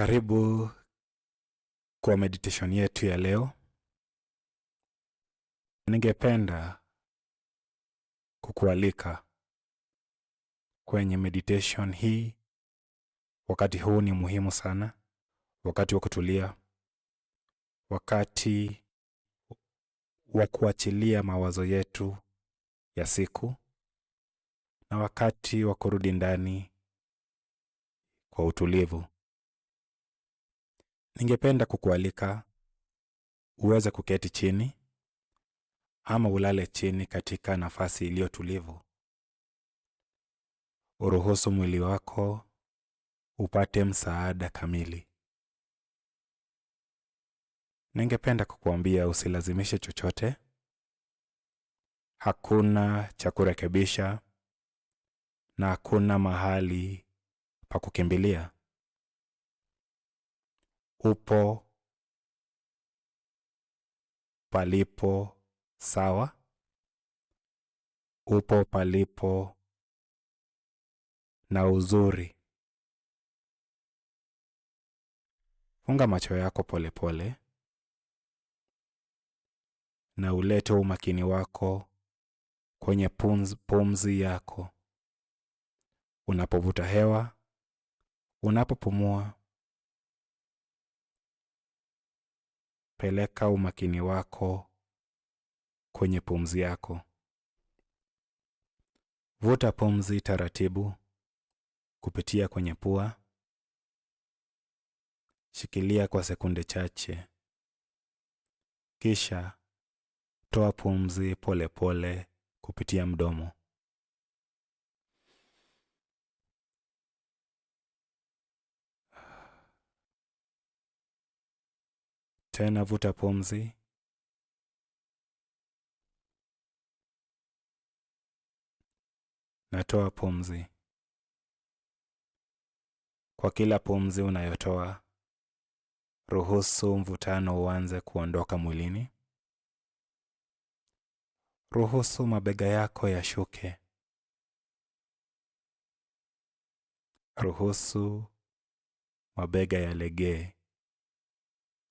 Karibu kwa meditation yetu ya leo. Ningependa kukualika kwenye meditation hii. Wakati huu ni muhimu sana, wakati wa kutulia, wakati wa kuachilia mawazo yetu ya siku, na wakati wa kurudi ndani kwa utulivu. Ningependa kukualika uweze kuketi chini ama ulale chini katika nafasi iliyo tulivu. Uruhusu mwili wako upate msaada kamili. Ningependa kukuambia usilazimishe chochote. Hakuna cha kurekebisha na hakuna mahali pa kukimbilia upo palipo sawa, upo palipo na uzuri. Funga macho yako polepole pole, na ulete umakini wako kwenye pumzi, pumzi yako unapovuta hewa, unapopumua peleka umakini wako kwenye pumzi yako. Vuta pumzi taratibu kupitia kwenye pua. Shikilia kwa sekunde chache, kisha toa pumzi polepole pole kupitia mdomo. Tena vuta pumzi. Natoa pumzi. Kwa kila pumzi unayotoa, ruhusu mvutano uanze kuondoka mwilini. Ruhusu mabega yako yashuke. Ruhusu mabega yalegee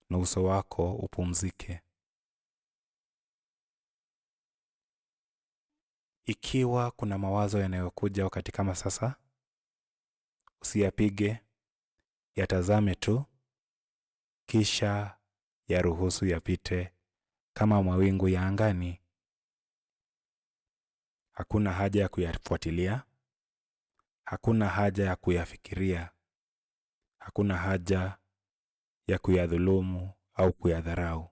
na uso wako upumzike. Ikiwa kuna mawazo yanayokuja wakati kama sasa, usiyapige, yatazame tu, kisha yaruhusu yapite kama mawingu ya angani. Hakuna haja ya kuyafuatilia, hakuna haja ya kuyafikiria, hakuna haja ya kuyadhulumu au kuyadharau.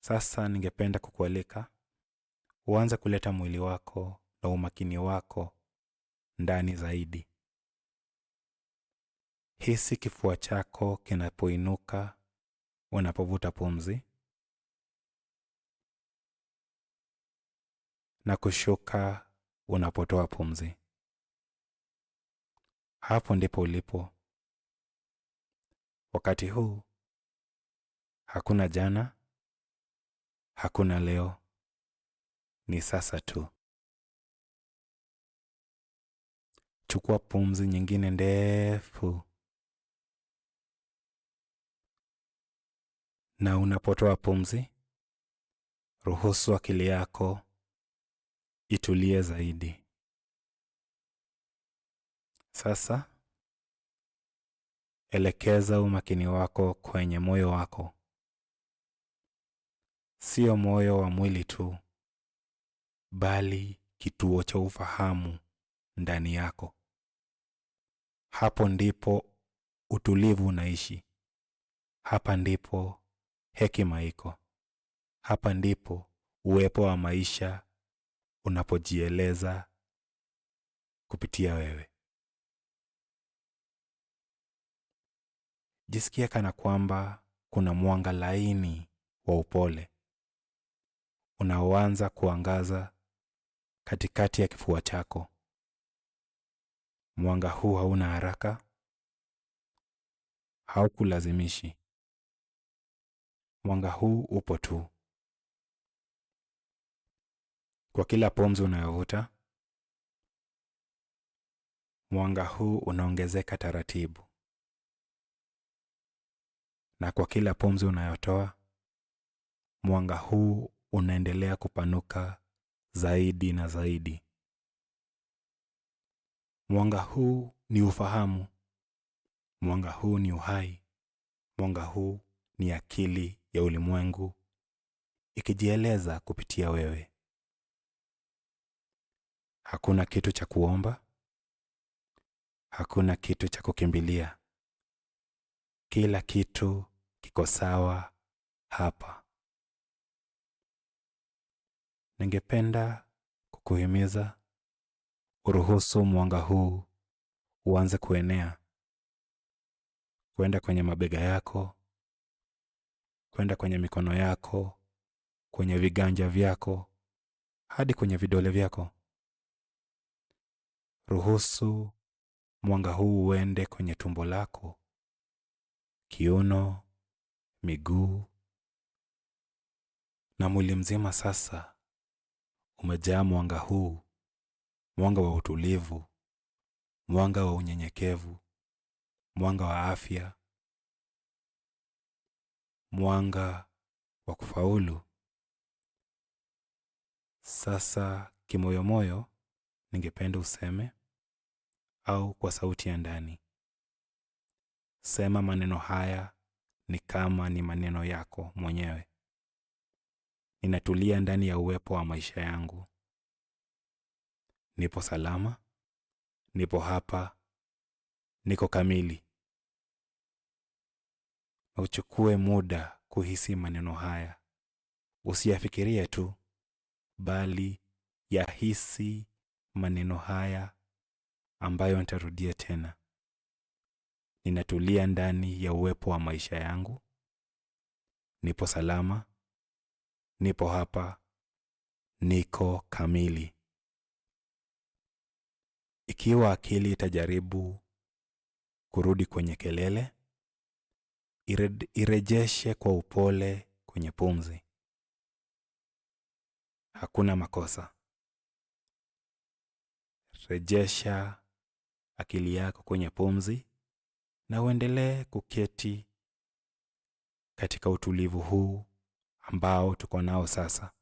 Sasa ningependa kukualika uanze kuleta mwili wako na umakini wako ndani zaidi. Hisi kifua chako kinapoinuka unapovuta pumzi na kushuka unapotoa pumzi. Hapo ndipo ulipo. Wakati huu hakuna jana, hakuna leo, ni sasa tu. Chukua pumzi nyingine ndefu, na unapotoa pumzi, ruhusu akili yako itulie zaidi sasa. Elekeza umakini wako kwenye moyo wako, sio moyo wa mwili tu, bali kituo cha ufahamu ndani yako. Hapo ndipo utulivu unaishi, hapa ndipo hekima iko, hapa ndipo uwepo wa maisha unapojieleza kupitia wewe. Jisikia kana kwamba kuna mwanga laini wa upole unaoanza kuangaza katikati ya kifua chako. Mwanga huu hauna haraka, haukulazimishi. Mwanga huu upo tu. Kwa kila pumzi unayovuta, mwanga huu unaongezeka taratibu na kwa kila pumzi unayotoa, mwanga huu unaendelea kupanuka zaidi na zaidi. Mwanga huu ni ufahamu, mwanga huu ni uhai, mwanga huu ni akili ya ulimwengu ikijieleza kupitia wewe. Hakuna kitu cha kuomba, hakuna kitu cha kukimbilia. Kila kitu kiko sawa hapa. Ningependa kukuhimiza uruhusu mwanga huu uanze kuenea kwenda kwenye mabega yako, kwenda kwenye mikono yako, kwenye viganja vyako, hadi kwenye vidole vyako. Ruhusu mwanga huu uende kwenye tumbo lako, kiuno miguu na mwili mzima sasa umejaa mwanga huu, mwanga wa utulivu, mwanga wa unyenyekevu, mwanga wa afya, mwanga wa kufaulu. Sasa kimoyomoyo, ningependa useme au kwa sauti ya ndani, sema maneno haya ni kama ni maneno yako mwenyewe. Ninatulia ndani ya uwepo wa maisha yangu. Nipo salama, nipo hapa, niko kamili. Na uchukue muda kuhisi maneno haya, usiyafikirie tu, bali yahisi maneno haya ambayo nitarudia tena ninatulia ndani ya uwepo wa maisha yangu, nipo salama, nipo hapa, niko kamili. Ikiwa akili itajaribu kurudi kwenye kelele, irejeshe kwa upole kwenye pumzi. Hakuna makosa. Rejesha akili yako kwenye pumzi na uendelee kuketi katika utulivu huu ambao tuko nao sasa.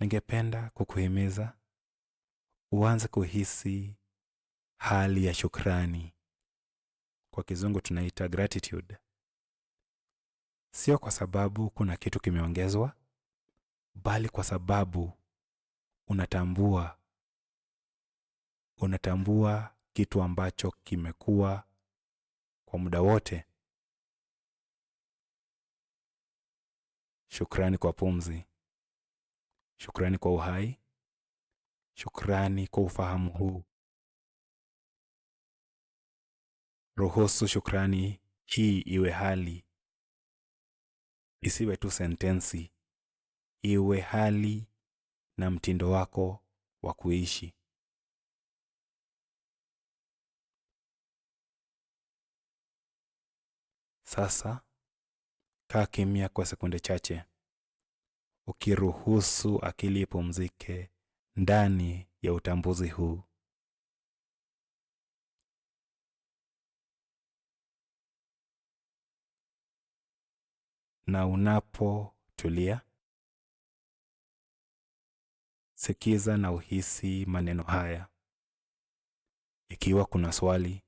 Ningependa kukuhimiza uanze kuhisi hali ya shukrani, kwa kizungu tunaita gratitude. Sio kwa sababu kuna kitu kimeongezwa, bali kwa sababu unatambua unatambua kitu ambacho kimekuwa kwa muda wote. Shukrani kwa pumzi, shukrani kwa uhai, shukrani kwa ufahamu huu. Ruhusu shukrani hii iwe hali, isiwe tu sentensi, iwe hali na mtindo wako wa kuishi. Sasa kaa kimya kwa sekunde chache, ukiruhusu akili ipumzike ndani ya utambuzi huu. Na unapotulia, sikiza na uhisi maneno haya. Ikiwa kuna swali,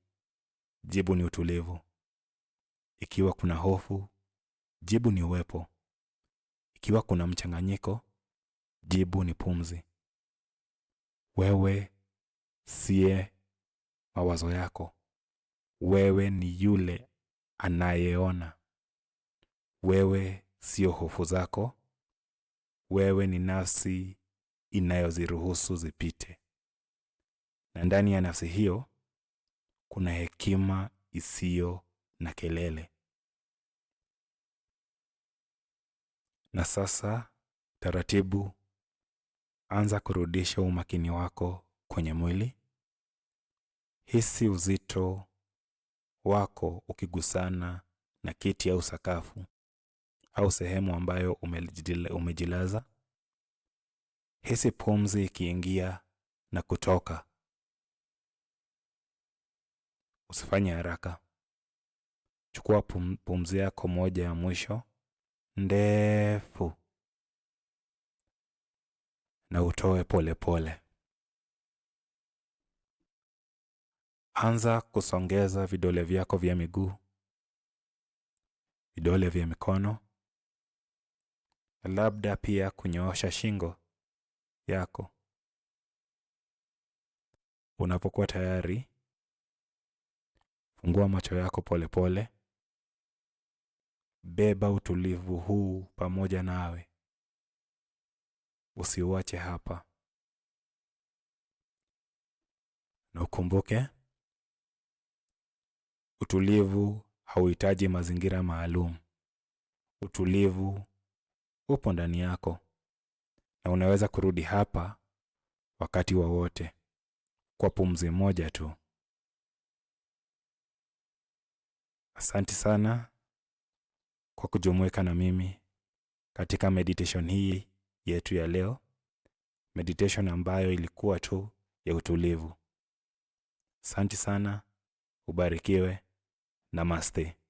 jibu ni utulivu. Ikiwa kuna hofu, jibu ni uwepo. Ikiwa kuna mchanganyiko, jibu ni pumzi. Wewe siye mawazo yako. Wewe ni yule anayeona. Wewe sio hofu zako. Wewe ni nafsi inayoziruhusu zipite, na ndani ya nafsi hiyo kuna hekima isiyo na kelele. Na sasa taratibu, anza kurudisha umakini wako kwenye mwili. Hisi uzito wako ukigusana na kiti au sakafu au sehemu ambayo umejilaza. Hisi pumzi ikiingia na kutoka. Usifanye haraka. Chukua pum, pumzi yako moja ya mwisho ndefu na utoe polepole pole. Anza kusongeza vidole vyako vya miguu, vidole vya mikono, labda pia kunyoosha shingo yako. Unapokuwa tayari, fungua macho yako polepole pole. Beba utulivu huu pamoja nawe, usiuache hapa, na ukumbuke utulivu hauhitaji mazingira maalum. Utulivu upo ndani yako, na unaweza kurudi hapa wakati wowote wa kwa pumzi moja tu. Asante sana kwa kujumuika na mimi katika meditation hii yetu ya leo, meditation ambayo ilikuwa tu ya utulivu. Asante sana, ubarikiwe. Namaste.